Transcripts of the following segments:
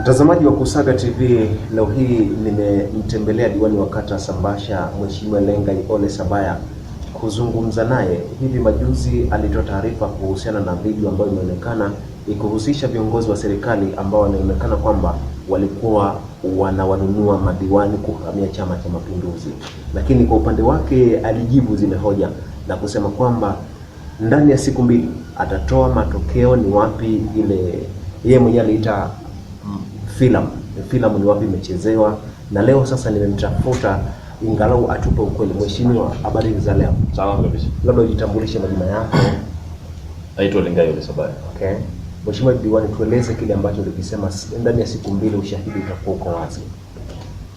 Mtazamaji wa Kusaga TV, leo hii nimemtembelea diwani wa kata Sambasha, Mheshimiwa Lengai Ole Sabaya kuzungumza naye. Hivi majuzi alitoa taarifa kuhusiana na video ambayo imeonekana ikuhusisha viongozi wa serikali ambao wanaonekana kwamba walikuwa wanawanunua madiwani kuhamia Chama cha Mapinduzi, lakini kwa upande wake alijibu zile hoja na kusema kwamba ndani ya siku mbili atatoa matokeo ni wapi ile yeye mwenyewe aliita filamu, filamu ni wapi imechezewa, na leo sasa nimemtafuta ingalau atupe ukweli. Mheshimiwa, habari za leo? Sawa kabisa. Labda ujitambulishe majina yako. Naitwa Lingayo Ole Sabaya. Okay. Mheshimiwa Diwani, tueleze kile ambacho ulikisema ndani ya siku mbili, ushahidi utakuwa uko wazi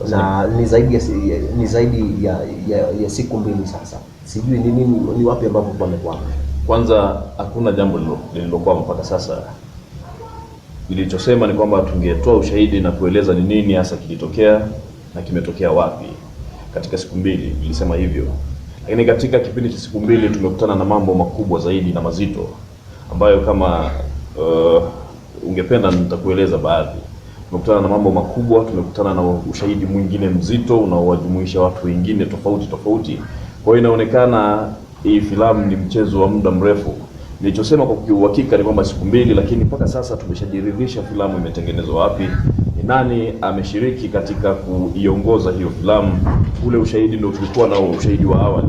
na ni zaidi ya, ni zaidi ya, ya, ya siku mbili sasa, sijui ni nini, ni wapi ambapo pamekwama. Kwanza hakuna jambo lililokwama mpaka sasa Nilichosema ni kwamba tungetoa ushahidi na kueleza ni nini hasa kilitokea na kimetokea wapi katika siku mbili, nilisema hivyo. Lakini katika kipindi cha siku mbili tumekutana na mambo makubwa zaidi na mazito ambayo kama uh, ungependa nitakueleza baadhi. Tumekutana na mambo makubwa, tumekutana na ushahidi mwingine mzito unaowajumuisha watu wengine tofauti tofauti. Kwa hiyo inaonekana hii filamu ni mchezo wa muda mrefu. Nilichosema kwa kiuhakika ni kwamba siku mbili, lakini mpaka sasa tumeshajiridhisha filamu imetengenezwa wapi, ni nani ameshiriki katika kuiongoza hiyo filamu. Ule ushahidi ndio tulikuwa nao, ushahidi wa awali,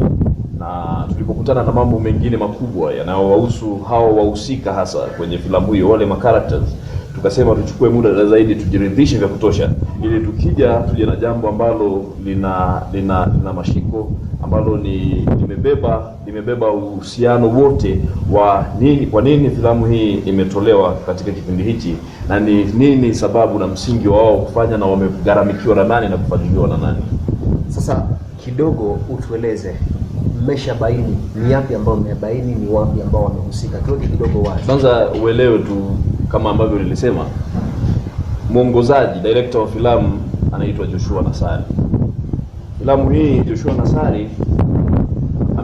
na tulipokutana na mambo mengine makubwa yanayowahusu hao wahusika hasa kwenye filamu hiyo, wale ma characters tukasema tuchukue muda zaidi tujiridhishe vya kutosha, ili tukija tuje na jambo ambalo lina lina, lina mashiko ambalo ni limebeba imebeba uhusiano wote wa nini, kwa nini filamu hii imetolewa katika kipindi hichi na ni nini sababu na msingi wa wao kufanya na wamegharamikiwa na nani na kufadhiliwa na nani. Sasa kidogo utueleze mmeshabaini ni yapi ambao mmebaini, ni wapi ambao wamehusika, tuweke kidogo wazi. Kwanza uelewe tu kama ambavyo nilisema, mwongozaji director wa filamu anaitwa Joshua nasari Filamu hii Joshua Nassari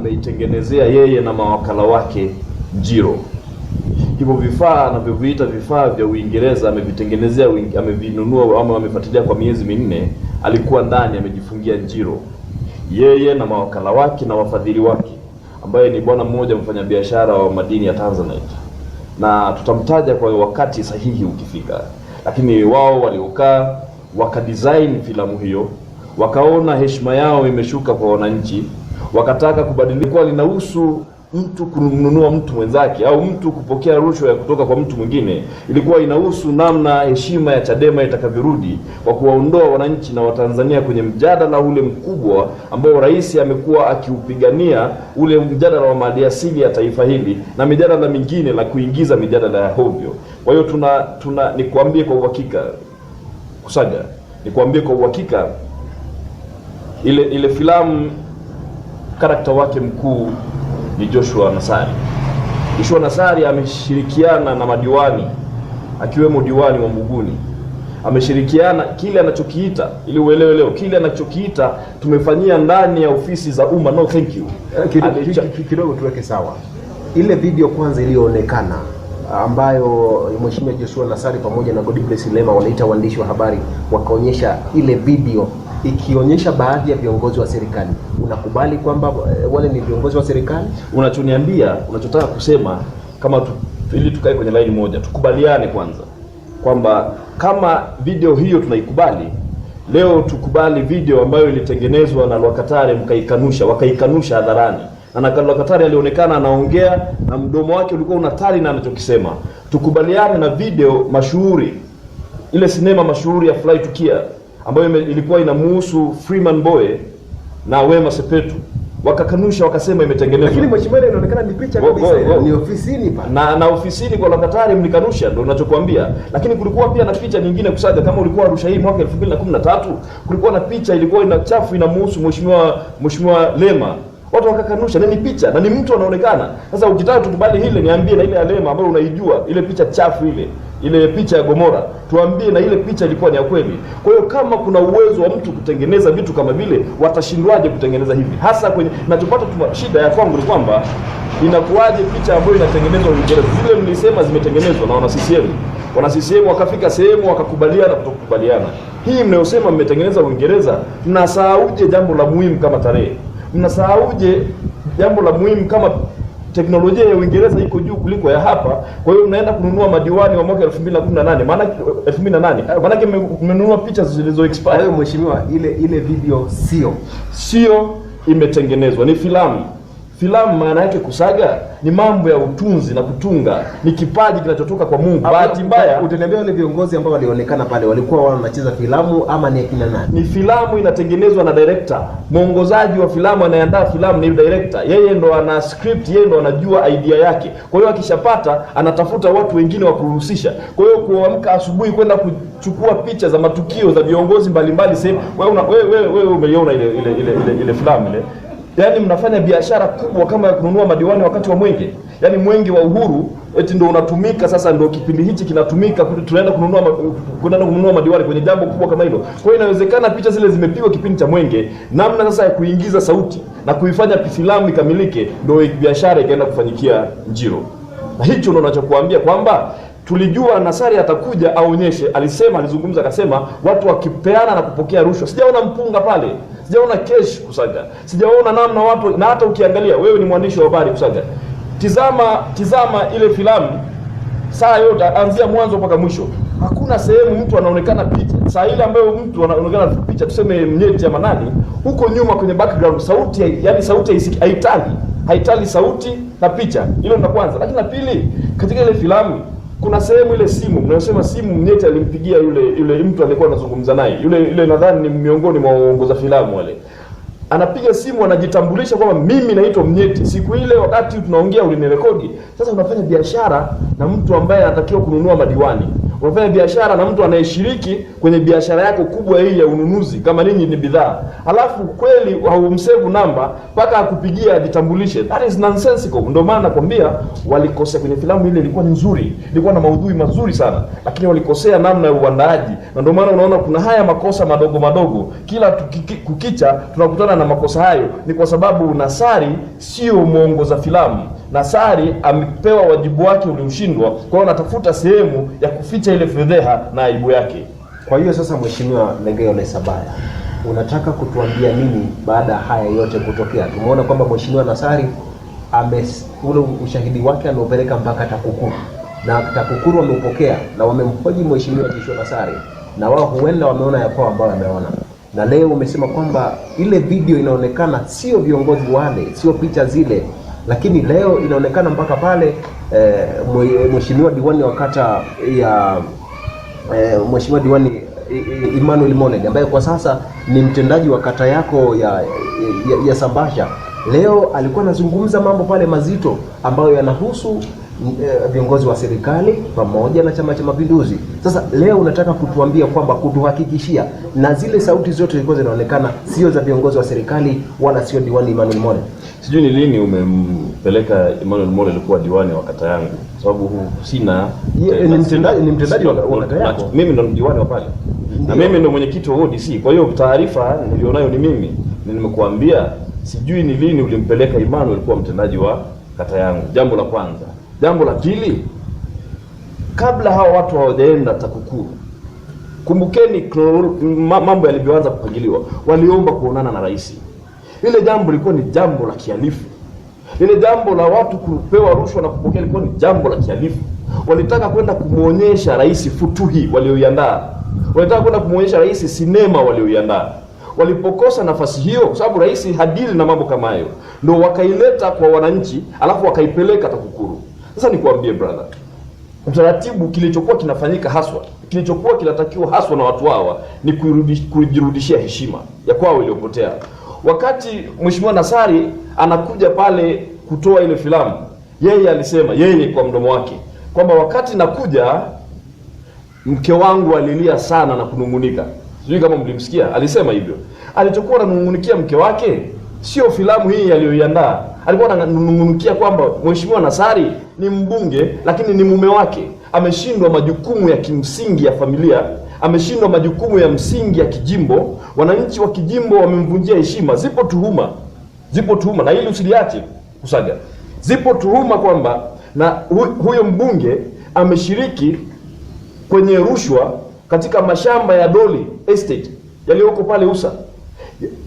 ameitengenezea yeye na mawakala wake Jiro. Hivyo vifaa anavyoviita vifaa vya Uingereza amevitengenezea, amevinunua ama amefuatilia kwa miezi minne, alikuwa ndani amejifungia Jiro, yeye na mawakala wake na wafadhili wake, ambaye ni bwana mmoja mfanyabiashara wa madini ya Tanzanite, na tutamtaja kwa wakati sahihi ukifika. Lakini wao waliokaa wakadesign filamu hiyo, wakaona heshima yao imeshuka kwa wananchi wakataka kubadilika, linahusu mtu kununua mtu mwenzake au mtu kupokea rushwa ya kutoka kwa mtu mwingine. Ilikuwa inahusu namna heshima ya Chadema itakavyorudi kwa kuwaondoa wananchi na Watanzania kwenye mjadala ule mkubwa ambao rais amekuwa akiupigania, ule mjadala wa maliasili ya taifa hili na mijadala mingine na kuingiza mijadala ya hovyo. Kwa hiyo tuna, tuna nikwambie kwa uhakika Kusaga, nikwambie kwa uhakika ile ile filamu karakta wake mkuu ni Joshua nasari Joshua Nassari ameshirikiana na madiwani akiwemo diwani wa Mbuguni, ameshirikiana kile anachokiita, ili uelewe leo, kile anachokiita tumefanyia ndani ya ofisi za umma. No, thank you. Eh, kidogo tuweke sawa ile video kwanza iliyoonekana ambayo mheshimiwa Joshua Nassari pamoja na Bless Lema wanaita waandishi wa habari wakaonyesha ile video ikionyesha baadhi ya viongozi wa serikali, unakubali kwamba eh, wale ni viongozi wa serikali? Unachoniambia, unachotaka kusema kama tu, ili tukae kwenye laini moja, tukubaliane kwanza kwamba kama video hiyo tunaikubali leo, tukubali video ambayo ilitengenezwa na Lwakatare mkaikanusha, wakaikanusha hadharani na Lwakatare alionekana anaongea na mdomo wake ulikuwa unatari na anachokisema. Tukubaliane na video mashuhuri, ile sinema mashuhuri ya Fly Tukia ambayo ilikuwa inamuhusu Freeman Mbowe na Wema Sepetu wakakanusha wakasema imetengenezwa. Lakini mheshimiwa, inaonekana ni picha kabisa, ni ofisini pale. na, na ofisini kwa Lokatari mlikanusha, ndio ninachokuambia. Lakini kulikuwa pia na picha nyingine kusaja, kama ulikuwa Arusha hii mwaka 2013 kulikuwa na picha ilikuwa ina chafu inamuhusu mheshimiwa mheshimiwa Lema watu wakakanusha, na ni picha na ni mtu anaonekana. Sasa ukitaka tukubali hile, niambie na ile ya Lema ambayo unaijua ile picha chafu ile ile picha ya Gomora, tuambie na ile picha ilikuwa ni ya kweli. Kwa hiyo kama kuna uwezo wa mtu kutengeneza vitu kama vile, watashindwaje kutengeneza hivi? Hasa kwenye nachopata shida ya kwangu ni kwamba inakuwaje picha ambayo inatengenezwa Uingereza, zile mlisema zimetengenezwa na wana CCM, wana CCM wakafika sehemu wakakubaliana kutokubaliana Hii mnayosema mmetengeneza Uingereza, mnasahauje jambo la muhimu kama tarehe? Mnasahauje jambo la muhimu kama teknolojia ya Uingereza iko juu kuliko ya hapa. Kwa hiyo unaenda kununua madiwani wa mwaka 2018 maana 2008 maana umenunua picha zilizo expire. Mheshimiwa, ile ile video sio sio imetengenezwa, ni filamu. Filamu maana yake kusaga ni mambo ya utunzi na kutunga, ni kipaji kinachotoka kwa Mungu. Bahati mbaya, utaniambia wale viongozi ambao walionekana pale walikuwa wanacheza filamu ama ni akina nani? Ni filamu inatengenezwa na director, mwongozaji wa filamu, anayeandaa filamu ni director. Yeye ndo ana script, yeye ndo anajua idea yake. Kwa hiyo akishapata, anatafuta watu wengine wa kuhusisha. Kwa hiyo kuamka asubuhi kwenda kuchukua picha za matukio za viongozi mbalimbali sehemu, wewe wewe wewe umeiona ile ile ile, ile, ile filamu ile Yaani mnafanya biashara kubwa kama ya kununua madiwani wakati wa mwenge, yaani mwenge wa uhuru eti ndio unatumika sasa, ndio kipindi hichi kinatumika, tunaenda kununua kunaenda kununua madiwani kwenye jambo kubwa kama hilo. Kwa hiyo inawezekana picha zile zimepigwa kipindi cha mwenge, namna sasa ya kuingiza sauti na kuifanya filamu ikamilike, ndio biashara ikaenda kufanyikia Njiro, na hicho ndio nachokuambia kwamba tulijua Nasari atakuja aonyeshe, alisema, alizungumza, akasema watu wakipeana na kupokea rushwa. Sijaona mpunga pale, sijaona kesh kusaga, sijaona namna watu. Na hata ukiangalia wewe ni mwandishi wa habari kusaga, tizama tizama ile filamu saa yote, anzia mwanzo mpaka mwisho, hakuna sehemu mtu anaonekana picha. Saa ile ambayo mtu anaonekana picha, tuseme mnyeti ama nani huko nyuma kwenye background, sauti yani sauti haitali haitali sauti na picha. Hilo la kwanza, lakini la pili, katika ile filamu kuna sehemu ile simu mnayosema simu Mnyeti alimpigia yule yule mtu alikuwa anazungumza naye yule yule, nadhani ni miongoni mwa waongoza filamu wale, anapiga simu anajitambulisha kwamba mimi naitwa Mnyeti, siku ile wakati tunaongea ulinirekodi. Sasa unafanya biashara na mtu ambaye anatakiwa kununua madiwani wafanya biashara na mtu anayeshiriki kwenye biashara yako kubwa hii ya ununuzi, kama ninyi ni bidhaa, alafu kweli haumsevu namba mpaka akupigia ajitambulishe, that is nonsensical. Ndio maana nakwambia walikosea kwenye filamu ile, ilikuwa ni nzuri, ilikuwa na maudhui mazuri sana, lakini walikosea namna ya uandaaji, na ndio maana unaona kuna haya makosa madogo madogo kila kukicha tunakutana na makosa hayo, ni kwa sababu Nasari sio mwongoza filamu. Nasari amepewa wajibu wake ulioshindwa, kwa hiyo anatafuta sehemu ya kuficha ile fedheha na aibu yake. Kwa hiyo sasa, Mheshimiwa Lengeole Sabaya, unataka kutuambia nini baada ya haya yote kutokea? Tumeona kwamba Mheshimiwa Nasari ame ule ushahidi wake aliopeleka mpaka TAKUKURU na TAKUKURU wameupokea na wamemhoji Mheshimiwa Joshua Nasari na wao huenda wameona yakwao ambayo wameona na leo umesema kwamba ile video inaonekana sio viongozi wale, sio picha zile, lakini leo inaonekana mpaka pale eh, mheshimiwa diwani wa kata ya eh, mheshimiwa diwani Emmanuel Moned ambaye kwa sasa ni mtendaji wa kata yako ya, ya, ya Sambasha leo alikuwa anazungumza mambo pale mazito ambayo yanahusu eh, viongozi wa serikali pamoja na Chama cha Mapinduzi. Sasa leo unataka kutuambia kwamba kutuhakikishia, na zile sauti zote zilikuwa zinaonekana sio za viongozi wa serikali wala sio diwani Emmanuel Moned. Sijui ni lini umempeleka Emmanuel Mole alikuwa diwani wa kata yangu, sababu sina ni mtendaji ni mtendaji wa kata yako. Mimi ndo diwani wa pale na mimi ndo mwenyekiti wa ODC, kwa hiyo taarifa nilionayo ni mimi, nimekuambia sijui ni lini ulimpeleka Emmanuel alikuwa mtendaji wa kata yangu. Jambo la kwanza. Jambo la pili, kabla hawa watu hawajaenda TAKUKURU, kumbukeni mambo yalivyoanza kupangiliwa, waliomba kuonana na rais. Lile jambo lilikuwa ni jambo la kihalifu. Lile jambo la watu kupewa rushwa na kupokea lilikuwa ni jambo la kihalifu. Walitaka kwenda kumwonyesha rais futuhi walioiandaa, walitaka kwenda kumwonyesha rais sinema walioiandaa. Walipokosa nafasi hiyo, kwa sababu rais hadili na mambo kama hayo, ndio wakaileta kwa wananchi, alafu wakaipeleka TAKUKURU. Sasa nikuambie brother, utaratibu, kilichokuwa kinafanyika haswa, kilichokuwa kinatakiwa haswa na watu hawa ni kujirudishia heshima ya kwao iliyopotea wakati Mheshimiwa Nasari anakuja pale kutoa ile filamu, yeye alisema yeye kwa mdomo wake kwamba wakati nakuja mke wangu alilia sana na kunung'unika. Sijui kama mlimsikia, alisema hivyo. Alichokuwa ananung'unikia mke wake sio filamu hii aliyoiandaa, alikuwa ananung'unikia kwamba Mheshimiwa Nasari ni mbunge, lakini ni mume wake ameshindwa majukumu ya kimsingi ya familia ameshindwa majukumu ya msingi ya kijimbo. Wananchi wa kijimbo wamemvunjia heshima. Zipo tuhuma, zipo tuhuma, na hili usiliache kusaga. Zipo tuhuma kwamba na huyo mbunge ameshiriki kwenye rushwa katika mashamba ya Doli Estate yaliyoko pale Usa,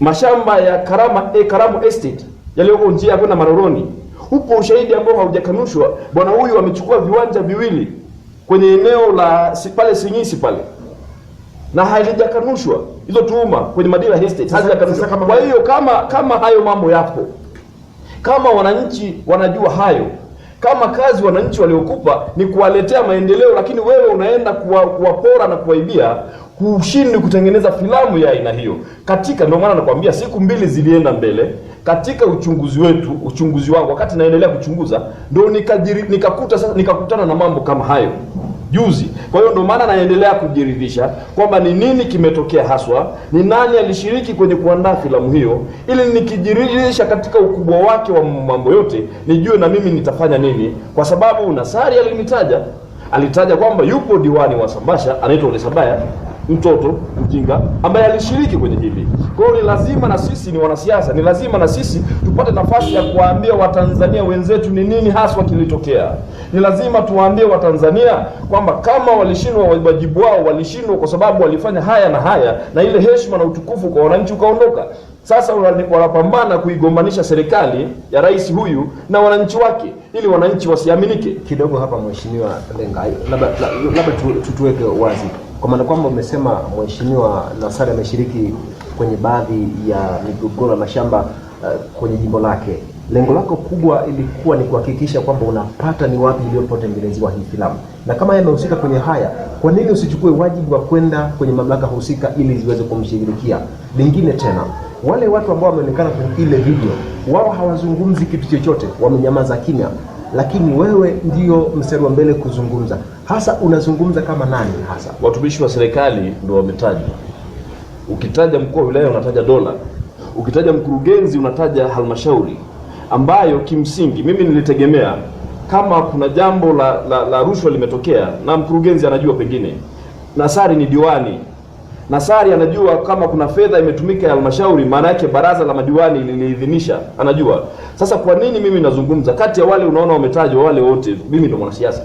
mashamba ya Karama, e, Karamu Estate yaliyoko njia ya kwenda Maroroni. Upo ushahidi ambao haujakanushwa. Bwana huyu amechukua viwanja viwili kwenye eneo la pale Singisi pale na halijakanushwa hizo tuhuma kwenye madira Estate hazijakanushwa. Kwa hiyo kama kama hayo mambo yapo, kama wananchi wanajua hayo, kama kazi wananchi waliokupa ni kuwaletea maendeleo, lakini wewe unaenda kuwa, kuwapora na kuwaibia, hushindi kutengeneza filamu ya aina hiyo katika. Ndio maana nakwambia siku mbili zilienda mbele katika uchunguzi wetu, uchunguzi wangu, wakati naendelea kuchunguza, ndio nikakuta sasa, nikakutana na mambo kama hayo juzi. Kwa hiyo ndio maana naendelea kujiridhisha kwamba ni nini kimetokea haswa, ni nani alishiriki kwenye kuandaa filamu hiyo, ili nikijiridhisha katika ukubwa wake wa mambo yote, nijue na mimi nitafanya nini, kwa sababu Nasari alinitaja, alitaja kwamba yupo diwani wa Sambasha anaitwa Ole Sabaya mtoto mjinga ambaye alishiriki kwenye hili. Kwa hiyo ni lazima na sisi ni wanasiasa, ni lazima na sisi tupate nafasi ya kuwaambia Watanzania wenzetu ni nini haswa kilitokea. Ni lazima tuwaambie Watanzania kwamba kama walishindwa wajibu wao, walishindwa kwa sababu walifanya haya na haya, na ile heshima na utukufu kwa wananchi ukaondoka. Sasa wanapambana kuigombanisha serikali ya rais huyu na wananchi wake ili wananchi wasiaminike kidogo. Hapa mheshimiwa Lenga, labda tuweke wazi kwa maana kwamba umesema Mheshimiwa Nassari ameshiriki kwenye baadhi ya migogoro ya mashamba uh, kwenye jimbo lake. Lengo lako kubwa ilikuwa ni kuhakikisha kwamba unapata ni wapi iliyopotengeneziwa hii filamu, na kama yamehusika kwenye haya, kwa nini usichukue wajibu wa kwenda kwenye mamlaka husika ili ziweze kumshughulikia? Lingine tena, wale watu ambao wameonekana kwenye ile video, wao hawazungumzi kitu chochote, wamenyamaza kimya, lakini wewe ndio mstari wa mbele kuzungumza. Hasa unazungumza kama nani hasa? Watumishi wa serikali ndio wametajwa. Ukitaja mkuu wa wilaya unataja dola, ukitaja mkurugenzi unataja halmashauri, ambayo kimsingi mimi nilitegemea kama kuna jambo la, la, la rushwa limetokea na mkurugenzi anajua, pengine nasari ni diwani nasari anajua kama kuna fedha imetumika ya halmashauri, maana yake baraza la madiwani liliidhinisha, anajua. Sasa kwa nini mimi nazungumza kati ya wale unaona wametajwa wale wote, mimi ndo mwanasiasa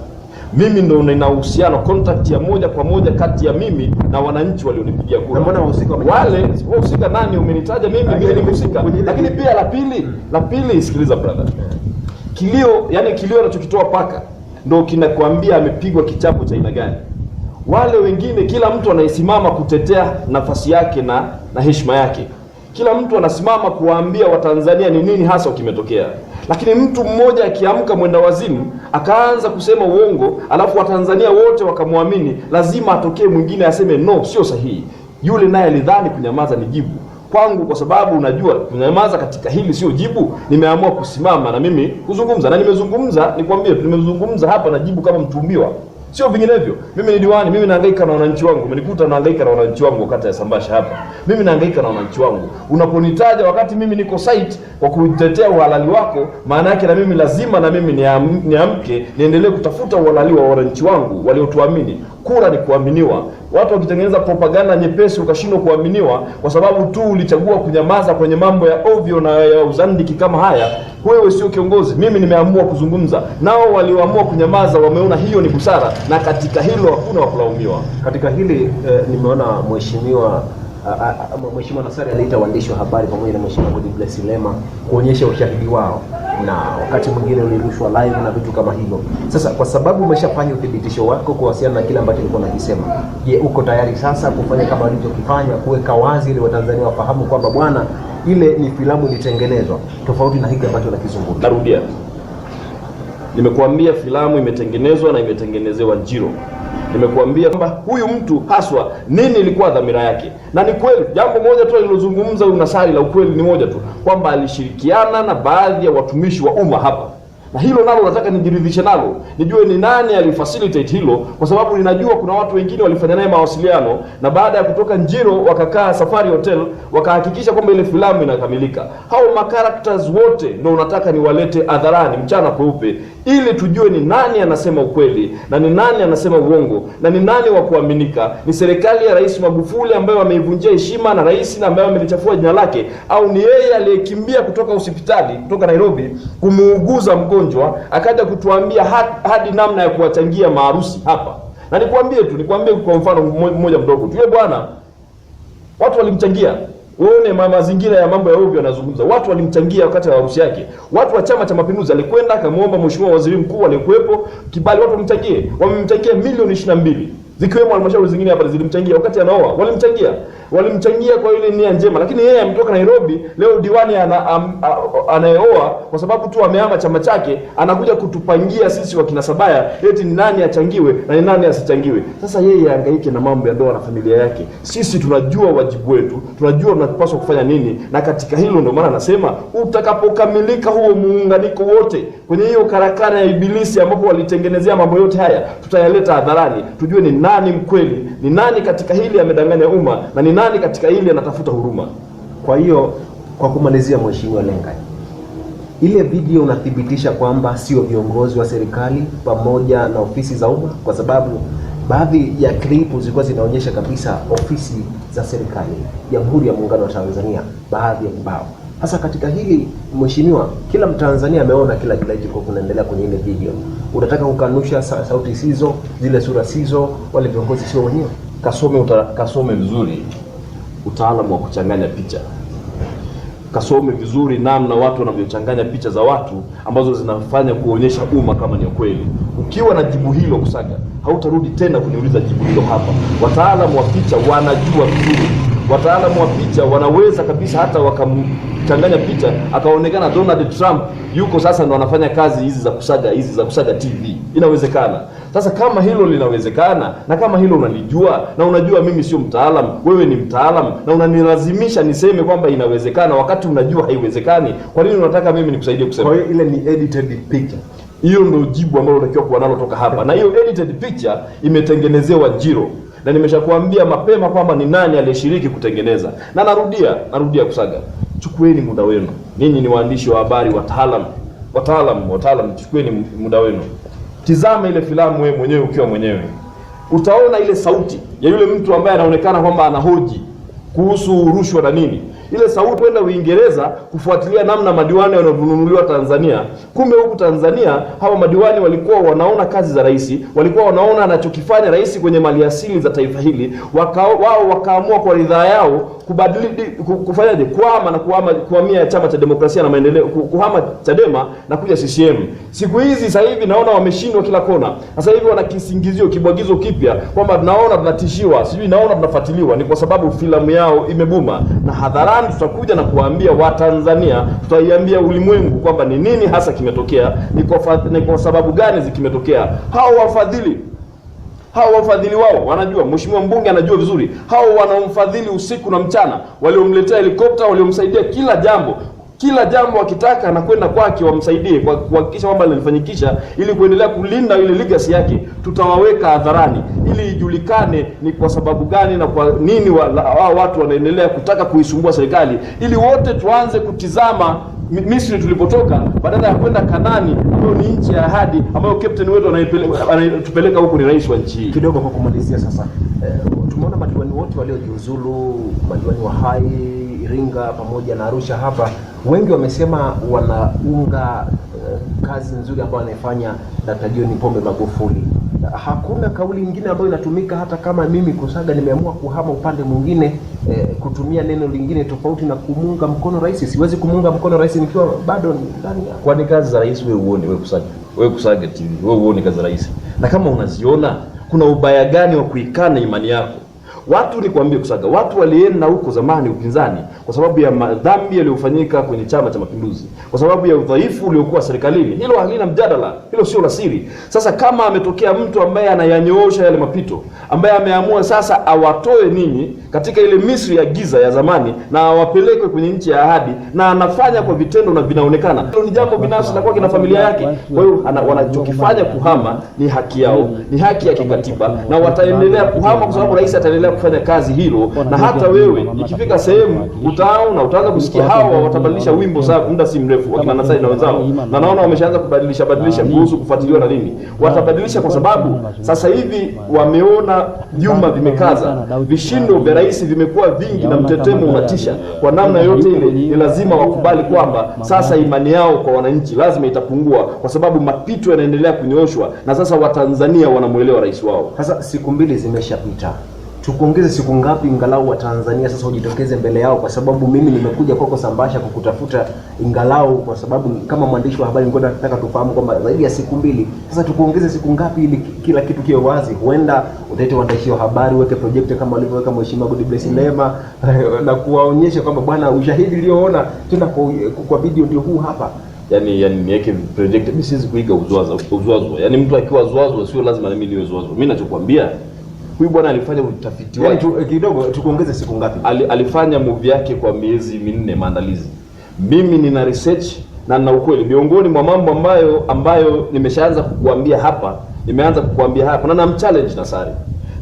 mimi ndo nina uhusiano contact ya moja kwa moja kati ya mimi na wananchi walionipigia kura. Mbona wahusika wale wahusika nani? Umenitaja mimi, mimi ni mhusika. Lakini pia la pili, la pili, sikiliza brother, kilio yani kilio anachokitoa paka ndo kinakwambia amepigwa kichapo cha aina gani. Wale wengine, kila mtu anayesimama kutetea nafasi yake na na heshima yake kila mtu anasimama kuwaambia Watanzania ni nini hasa kimetokea, lakini mtu mmoja akiamka mwenda wazimu akaanza kusema uongo, alafu Watanzania wote wakamwamini, lazima atokee mwingine aseme no, sio sahihi. Yule naye alidhani kunyamaza ni jibu kwangu kwa sababu unajua kunyamaza katika hili sio jibu. Nimeamua kusimama na mimi kuzungumza, na nimezungumza, nikwambie, nimezungumza hapa na jibu kama mtumbiwa sio vinginevyo. Mimi ni diwani, mimi nahangaika na wananchi wangu, umenikuta nahangaika na wananchi wangu wakati ya Sambasha hapa, mimi nahangaika na wananchi wangu. Unaponitaja wakati mimi niko site kwa kutetea uhalali wako, maana yake na mimi lazima na mimi niamke, niendelee kutafuta uhalali wa wananchi wangu waliotuamini. Kura ni kuaminiwa. Watu wakitengeneza propaganda nyepesi ukashindwa kuaminiwa kwa sababu tu ulichagua kunyamaza kwenye mambo ya ovyo na ya uzandiki kama haya wewe sio kiongozi, mimi nimeamua kuzungumza. Nao walioamua kunyamaza wameona hiyo ni busara, na katika hilo hakuna wakulaumiwa. Katika hili eh, nimeona mheshimiwa Mheshimiwa Nasari aliita waandishi wa habari pamoja na Mheshimiwa Godbless Lema kuonyesha ushahidi wao, na wakati mwingine ulirushwa live na vitu kama hivyo. Sasa kwa sababu umeshafanya uthibitisho wako kuhusiana na kile ambacho ulikuwa unakisema, je, uko tayari sasa kufanya kama walichokifanya, kuweka wazi ili Watanzania wafahamu kwamba bwana ile ni filamu ilitengenezwa tofauti na hiki ambacho nakizungumza. Narudia, nimekuambia filamu imetengenezwa na imetengenezewa Njiro. Nimekuambia kwamba huyu mtu haswa nini ilikuwa dhamira yake, na ni kweli jambo moja tu alilozungumza huyu Nasari la ukweli ni moja tu kwamba alishirikiana na baadhi ya watumishi wa umma hapa na hilo nalo nataka nijiridhishe nalo, nijue ni nani alifacilitate hilo, kwa sababu ninajua kuna watu wengine walifanya naye mawasiliano, na baada ya kutoka Njiro wakakaa Safari Hotel wakahakikisha kwamba ile filamu inakamilika. Hao characters wote ndio unataka niwalete hadharani mchana kweupe, ili tujue ni nani anasema ukweli na ni nani anasema uongo na ni nani wa kuaminika. Ni serikali ya Rais Magufuli ambayo ameivunjia heshima na rais na ambayo wamelichafua jina lake, au ni yeye aliyekimbia kutoka hospitali kutoka Nairobi kumuuguza mgonjwa mgonjwa akaja kutuambia hadi, hadi namna ya kuwachangia maharusi hapa. Na nikwambie tu, nikwambie kwa mfano mmoja mdogo tu, yule bwana watu walimchangia Uone mazingira ya mambo ya ovyo yanazungumza. Watu walimchangia wakati wa harusi yake. Watu wa Chama cha Mapinduzi alikwenda akamwomba mheshimiwa waziri mkuu aliyekuwepo kibali, watu wamchangie, wamemchangia milioni 22 zikiwemo halmashauri zingine hapa zilimchangia wakati anaoa, walimchangia walimchangia kwa ile nia njema, lakini yeye ametoka Nairobi, leo diwani ana, anayeoa kwa sababu tu ameama chama chake, anakuja kutupangia sisi wakina Sabaya eti ni nani achangiwe na ni nani asichangiwe. Sasa yeye ahangaike na mambo ya ndoa na familia yake. Sisi tunajua wajibu wetu, tunajua tunapaswa kufanya nini, na katika hilo ndio maana anasema utakapokamilika huo muunganiko wote kwenye hiyo karakana ya Ibilisi ambapo walitengenezea mambo yote haya, tutayaleta hadharani, tujue ni nani mkweli, ni nani katika hili amedanganya umma na ni nani katika ile anatafuta huruma? Kwa hiyo kwa kumalizia, Mheshimiwa lenga ile video unathibitisha kwamba sio viongozi wa serikali pamoja na ofisi za umma, kwa sababu baadhi ya klipu zilikuwa zinaonyesha kabisa ofisi za serikali Jamhuri ya Muungano wa Tanzania, baadhi ya vibao. Hasa katika hili mheshimiwa, kila Mtanzania ameona kila kilichokuwa kunaendelea kwenye ile video. Unataka kukanusha sauti sizo, zile sura sizo, wale viongozi sio wenyewe? Kasome uta, kasome vizuri utaalamu wa kuchanganya picha. Kasome vizuri namna watu wanavyochanganya picha za watu ambazo zinafanya kuonyesha umma kama ni kweli. Ukiwa na jibu hilo Kusaga, hautarudi tena kuniuliza jibu hilo hapa. Wataalamu wa picha wanajua vizuri, wataalamu wa picha wanaweza kabisa hata wakamchanganya picha akaonekana Donald Trump yuko sasa, ndo anafanya kazi hizi za kusaga hizi za kusaga TV. Inawezekana. Sasa kama hilo linawezekana na kama hilo unalijua na unajua mimi sio mtaalam, wewe ni mtaalam na unanilazimisha niseme kwamba inawezekana wakati unajua haiwezekani, kwa nini unataka mimi nikusaidie kusema? Kwa hiyo ile ni edited picture. Hiyo ndio jibu ambalo unatakiwa kuwa nalo toka hapa, na hiyo edited picture imetengenezewa Jiro na nimeshakuambia mapema kwamba ni nani aliyeshiriki kutengeneza, na narudia narudia kusaga, chukueni muda wenu ninyi, ni waandishi wa habari, wataalam, wataalam, wataalam, chukueni muda wenu. Tizama ile filamu wewe mwenyewe ukiwa mwenyewe, utaona ile sauti ya yule mtu ambaye anaonekana kwamba anahoji kuhusu rushwa na nini, ile sauti kwenda Uingereza kufuatilia namna madiwani wanavyonunuliwa Tanzania. Kumbe huku Tanzania hawa madiwani walikuwa wanaona kazi za rais, walikuwa wanaona anachokifanya rais kwenye mali asili za taifa hili, waka, wao wakaamua kwa ridhaa yao kubadili kufanyaje, kuhama na kuhama, kuhamia chama cha demokrasia na maendeleo, kuhama Chadema na kuja CCM. Siku hizi sasa hivi naona wameshindwa kila kona, sasa hivi wana kisingizio, kibwagizo kipya kwamba tunaona tunatishiwa, sijui naona tunafuatiliwa. Ni kwa sababu filamu yao imebuma na hadhara mtaalamu tutakuja na kuwaambia Watanzania, tutaiambia ulimwengu kwamba ni nini hasa kimetokea, ni kwa sababu gani zikimetokea. Hao wafadhili hao wafadhili wao wanajua, mheshimiwa mbunge anajua vizuri, hao wanaomfadhili usiku na mchana, waliomletea helikopta, waliomsaidia kila jambo, kila jambo akitaka anakwenda kwake wamsaidie kwa kuhakikisha kwamba analifanyikisha, ili kuendelea kulinda ile legacy yake. Tutawaweka hadharani ili ijulikane ni kwa sababu gani na kwa nini wa, wa, watu wanaendelea kutaka kuisumbua serikali, ili wote tuanze kutizama Misri tulipotoka badala ya kwenda Kanani ambayo ni nchi ya ahadi ambayo captain wetu anatupeleka huku ni rais wa nchi hii. Kidogo kwa kumalizia sasa Uh, tumeona madiwani wote waliojiuzulu, madiwani wa Hai, Iringa pamoja na Arusha hapa, wengi wamesema wanaunga uh, kazi nzuri ambayo anaifanya Dkt. John Pombe Magufuli. Hakuna kauli nyingine ambayo inatumika, hata kama mimi Kusaga nimeamua kuhama upande mwingine eh, kutumia neno lingine tofauti na kumunga mkono rais. Siwezi kumunga mkono rais nikiwa bado ndani ya kwani kazi za rais. Wewe uone, wewe Kusaga, wewe Kusaga TV, wewe uone kazi za rais, na kama unaziona kuna ubaya gani wa kuikana imani yako? Watu nikwambie kusaga, watu walienda huko zamani upinzani kwa sababu ya madhambi yaliyofanyika kwenye Chama cha Mapinduzi, kwa sababu ya udhaifu uliokuwa serikalini. Hilo halina mjadala, hilo sio la siri. Sasa kama ametokea mtu ambaye anayanyoosha yale mapito, ambaye ameamua sasa awatoe ninyi katika ile Misri ya giza ya zamani na awapeleke kwenye nchi ya ahadi, na anafanya kwa vitendo na vinaonekana, hilo ni jambo binafsi na kwake na familia yake. Kwa hiyo wanachokifanya kuhama ni haki yao, ni haki ya kikatiba, na wataendelea kuhama kwa sababu rais ataendelea kufanya kazi hilo, na hata wewe ikifika sehemu utaona, utaanza kusikia hawa watabadilisha wimbo saa muda si mrefu, wakina Nasai na wenzao, na naona wameshaanza kubadilisha badilisha kuhusu kufuatiliwa na nini. Watabadilisha kwa sababu sasa hivi wameona vyuma vimekaza, vishindo vya rais vimekuwa vingi na mtetemo unatisha. Kwa namna yote ile, ni lazima wakubali kwamba sasa imani yao kwa wananchi lazima itapungua, kwa sababu mapito yanaendelea kunyooshwa na sasa Watanzania wanamwelewa rais wao. Sasa siku mbili zimeshapita tukuongeze siku ngapi ingalau wa Tanzania sasa ujitokeze mbele yao, kwa sababu mimi nimekuja kwako Sambasha kukutafuta, ingalau kwa sababu kama mwandishi wa habari nilikuwa nataka tufahamu kwamba zaidi ya siku mbili sasa, tukuongeze siku ngapi ili kila kitu kiwe wazi. Huenda utaite waandishi wa habari, uweke projekta kama walivyoweka Mheshimiwa God bless mm. Lema na kuwaonyesha kwamba bwana, ushahidi ulioona tena kwa, kwa video ndio huu hapa yani yani niweke project. Mimi siwezi kuiga uzwazo uzwazo, yani mtu akiwa zwazwa sio lazima mimi niwe zwazwa. Mimi ninachokuambia Huyu bwana alifanya utafiti yaani wake tu, kidogo tukuongeze siku ngapi? Al, alifanya movie yake kwa miezi minne maandalizi. Mimi nina research na na ukweli. Miongoni mwa mambo ambayo ambayo nimeshaanza kukuambia hapa, nimeanza kukuambia hapa na namchallenge Nasari.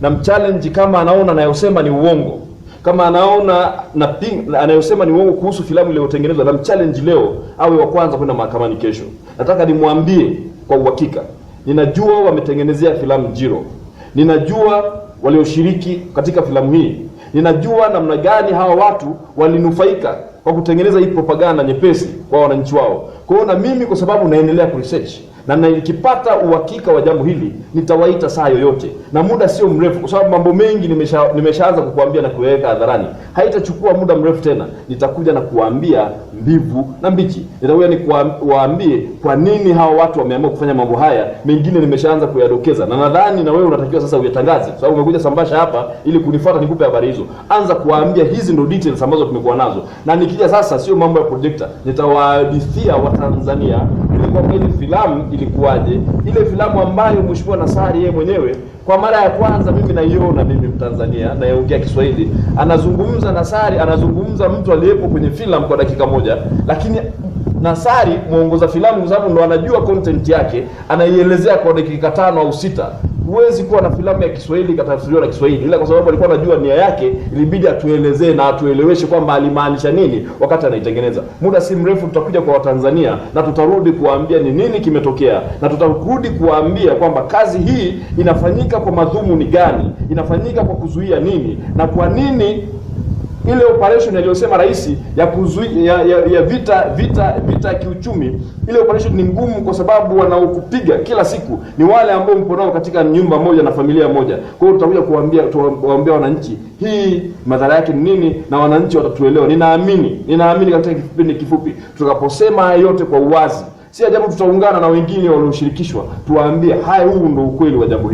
Namchallenge kama anaona anayosema ni uongo. Kama anaona na ping, anayosema ni uongo kuhusu filamu iliyotengenezwa, namchallenge leo awe wa kwanza kwenda mahakamani kesho. Nataka nimwambie kwa uhakika. Ninajua wametengenezea filamu Jiro, Ninajua walioshiriki katika filamu hii, ninajua namna gani hawa watu walinufaika kwa kutengeneza hii propaganda nyepesi kwa wananchi wao. Kwa hiyo na mimi kwa sababu naendelea kuresearch na nikipata uhakika wa jambo hili nitawaita saa yoyote na muda sio mrefu, kwa sababu mambo mengi nimeshaanza nimesha kukuambia na kuweka hadharani. Haitachukua muda mrefu tena, nitakuja na kuwaambia mbivu na mbichi. Nitakuja nikuwaambie kwa nini hawa watu wameamua kufanya mambo haya. Mengine nimeshaanza kuyadokeza, na nadhani na wewe unatakiwa sasa uyatangaze, kwa sababu umekuja sambasha hapa ili kunifuata nikupe habari hizo. Anza kuwaambia hizi ndo details ambazo tumekuwa nazo, na nikija sasa, sio mambo ya projector, nitawahadithia Watanzania kweli filamu ilikuwaje, ile filamu ambayo mheshimiwa Nasari yeye mwenyewe kwa mara ya kwanza mimi naiona mimi Mtanzania nayeongea Kiswahili, anazungumza Nasari, anazungumza mtu aliyepo kwenye filamu kwa dakika moja, lakini Nasari muongoza filamu, kwa sababu ndo anajua content yake, anaielezea kwa dakika tano au sita huwezi kuwa na filamu ya Kiswahili ikatafsiriwa na Kiswahili, ila kwa sababu alikuwa anajua nia yake, ilibidi atuelezee na atueleweshe kwamba alimaanisha nini wakati anaitengeneza. Muda si mrefu tutakuja kwa Watanzania na tutarudi kuwaambia ni nini kimetokea, na tutarudi kuwaambia kwamba kazi hii inafanyika kwa madhumuni gani, inafanyika kwa kuzuia nini na kwa nini ile operation aliyosema rais ya kuzui, ya, ya, ya vita vita vita ya kiuchumi, ile operation ni ngumu kwa sababu wanaokupiga kila siku ni wale ambao mpo nao katika nyumba moja na familia moja. Kwa hiyo tutakuja kuambia tuwaambia wananchi hii madhara yake ni nini, na wananchi watatuelewa. Ninaamini ninaamini katika kipindi kifupi tutakaposema haya yote kwa uwazi, si ajabu tutaungana na wengine walioshirikishwa, tuwaambie haya, huu ndio ukweli wa jambo hili.